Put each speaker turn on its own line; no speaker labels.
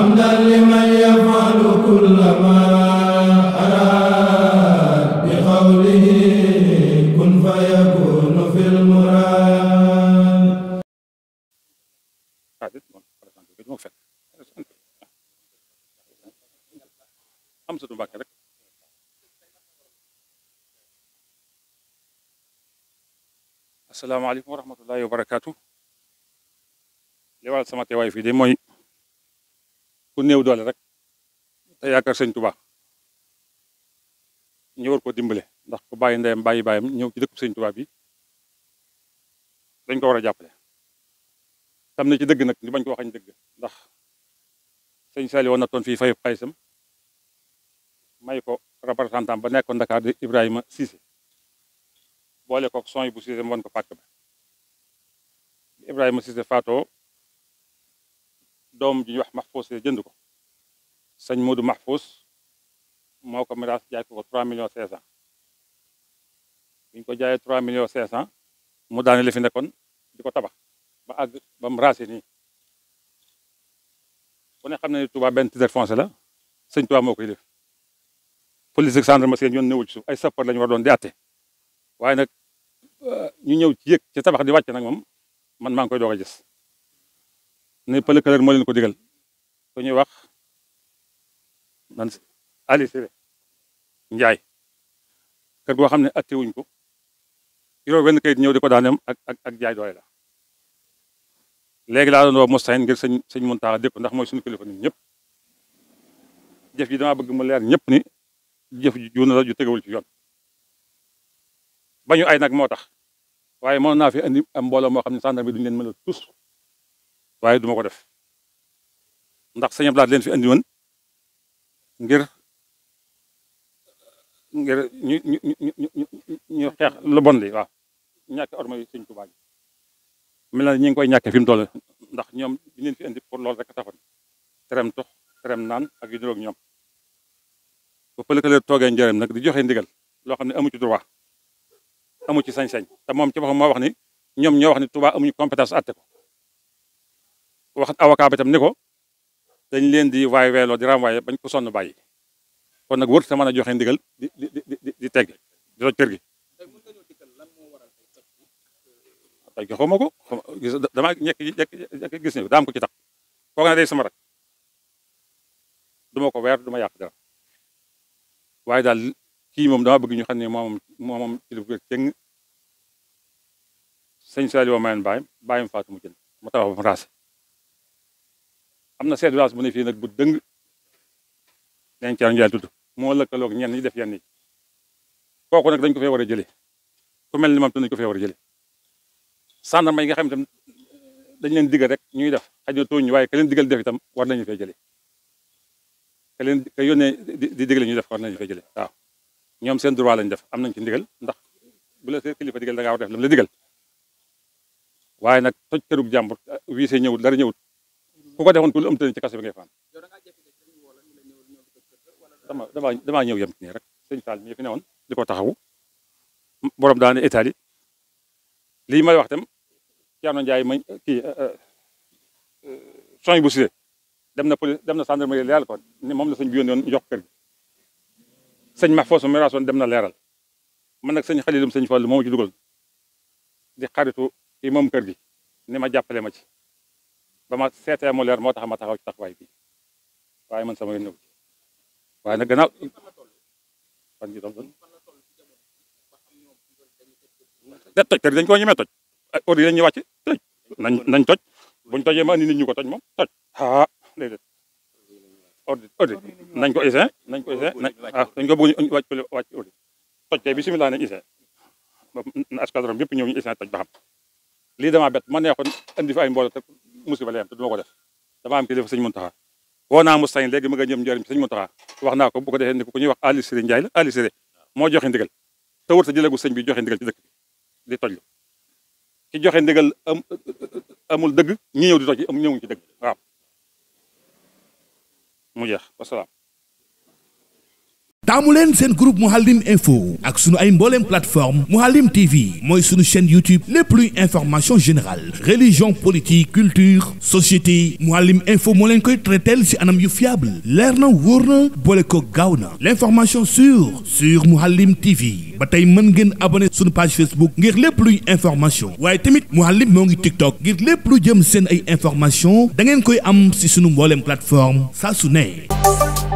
حمدا لمن يفعل كل ما أراد بقوله كن فيكون في المراد Amsatu Mbàkke rek asalaamaaleykum wa rahmatullahi wa barakaatu li waral sama teewaay fii de mooy ku néew doole rek te yaakaar sëñ Tuubaa ñu war ko dimbale ndax ku bàyyi ndeyam bàyyi bàyyam ñëw ci dëkk sëñ Tuubaa bi dañ ko war a jàppale tam na ci dëgg nag ñu bañ ko waxañ dëgg ndax sëñ Saliou woon na toon fii fayub xaysam may ko représentant ba nekkoon Dakar di Ibrahima Cissé boole ko son bu Cissé mu won ko pàkk ba Ibrahima Cissé faatoo doom ji ñu wax Mahfouz Cissé jënd ko sëñ Modou Mahfous moo ko miraas jaay ko ko 3 millions 500 ko jaayee 3 millions 500 mu daane li fi nekkoon di ko tabax ba àgg ba mu raase ne xam ne Touba benn titre foncier la sëñ Touba moo koy def police ak gendarmerie ñoon newul ci suuf ay sapeur la ñu war doon di àtte waaye nag euh, ñu ñëw ci yëg ci tabax di wàcc nag moom man maa ngi koy doog a gis ne pëlëkëlër moo leen ko digal ku wax man ali siré njaay kër goo xam ne atte wuñ ko yoroo benn kayit ñëw di ko daanem ak ak ak jaay doole la léegi laa doon woo Moustahine ngir sëñ sëñ Mountakha dépp ndax moy suñu kilifa ñun ñëpp jëf ji damaa bëgg mu leer ñëpp ni jëf ji juuna la ju tegewul ci yoon bañu ay nag moo tax waaye mën naa fi andi am mbooloo moo xam ne sàndarma bi duñu leen mën a tus waaye duma ko def ndax sëñ Abdou leen fi andi woon ngir ngir ñu ñu ñu ñu xeex lu bon li waaw ñàkk orma yi Sëñ Tuubaa ji mel na ñu ngi koy ñàkkee fi mu toll ndax ñoom di leen fi indi pour loolu rek taxoon terem tux terem naan ak yu niroog ñoom ba pëlëkale toogee njëriñ nag di joxe ndigal loo xam ne amu ci droit amu ci sañ-sañ te moom ci boppam moo wax ni ñoom ñoo wax ni Tuubaa amuñu compétence àtte ko wax avocat bi ni ko dañ leen di waay weeloo di renvoyé bañ ko sonn bàyyi kon nag wër te a joxe ndigal di di di di di toj gi. tey ma ko gis ne daam ko ci tax kooku ne day sama rak duma ko weer duma yàq dara waaye daal kii moom dama bëgg ñu xam ne moom moom ci lu cëng sëñ Saliou Mayane Baye Baye Fatou mu jënd ma tabax ba mu raase am na seet village bu ne fii nag bu dëng dañ caa njaay tudd moo lëkkaloog ñeen ñi def yenn yi kooku nag dañ ko fee war a jëlee ku mel ni moom nañ ko fee war a jëlee gendarme yi nga xam ne dañ leen digal rek ñuy def xaj na tooñ waaye ka leen digal def itam war nañu fee jëlee ka leen ka di digal ñuy def war nañu fee jëlee waaw ñoom seen droit lañ def am nañ ci ndigal ndax bu la see kilifa digal da war def lam la digal waaye nag toj kërug jàmbur wii see ñëwut dara ñëwut ku ko defoon ku lu am tënk ci kaso bi ngay fanaan dama dama damaa ñëw yem ci nii rek sëñ Fall mi fi newoon di ko taxawu borom daane Italie lii may wax tam Thierno Ndiaye ma kii eh, eh, eh, soñ bu dem na police dem na gendarmerie leeral ko ni moom la sëñ bi yónnoon jox kër gi sëñ Mahfouz mi raasoon dem na leeral man nag sëñ Xalilum sëñ Fall moomu ci dugal di xaritu yi moom kër gi ni ma jàppale ma ci ba ma seetee leer moo tax ma taxaw ci taxawaay bi waaye man sama yoon ñëw ci waaye nag gannaaw fan ji doon da toj kër dañ ko ñemee toj ay ordre dañ ñu wàcc toj nañ toj buñ tojee ma andi nit ñu ko toj moom toj ah déedéet ordre nañ ko isin nañ ko isin ah dañ ko bëgg ñu wàcc wàcc ordre toj tey bisimilah nañ isin ba escadron bi yëpp ñu isin toj ba xam lii dama bett ma neexoon andi fi musiba leen te du ma ko def dama am kilifa sëñ Muntaxa woo naa mu sañ léegi ma nga ñëm njëriñ sëñ Muntaxa wax naa ko bu ko defee ni ko ñuy wax Ali Siré Ndiaye la Ali moo joxe ndigal te wër ta jëlegu sëñ bi joxe ndigal ci dëkk bi di tojlu ki joxe ndigal amul dëgg ñi ñëw di toj am ñëwuñ ci dëgg waaw mu jeex taamu leen seen groupe Mouhalim Info ak sunu ay mbooleem plateforme Mouhalim TV mooy sunu chaîne YouTube lépp luy information générale religion politique culture société Mouhalim Info moo leen koy traiteel ci anam yu fiable leer na wóor na boole ko gaaw na l'information sur sur Mouhalim TV ba tey mën ngeen abone sunu page Facebook ngir lépp luy information waaye tamit Mouhalim moo ngi TikTok ngir lépp lu jëm seen ay information da ngeen koy am si sunu mbooleem plateforme saa su ne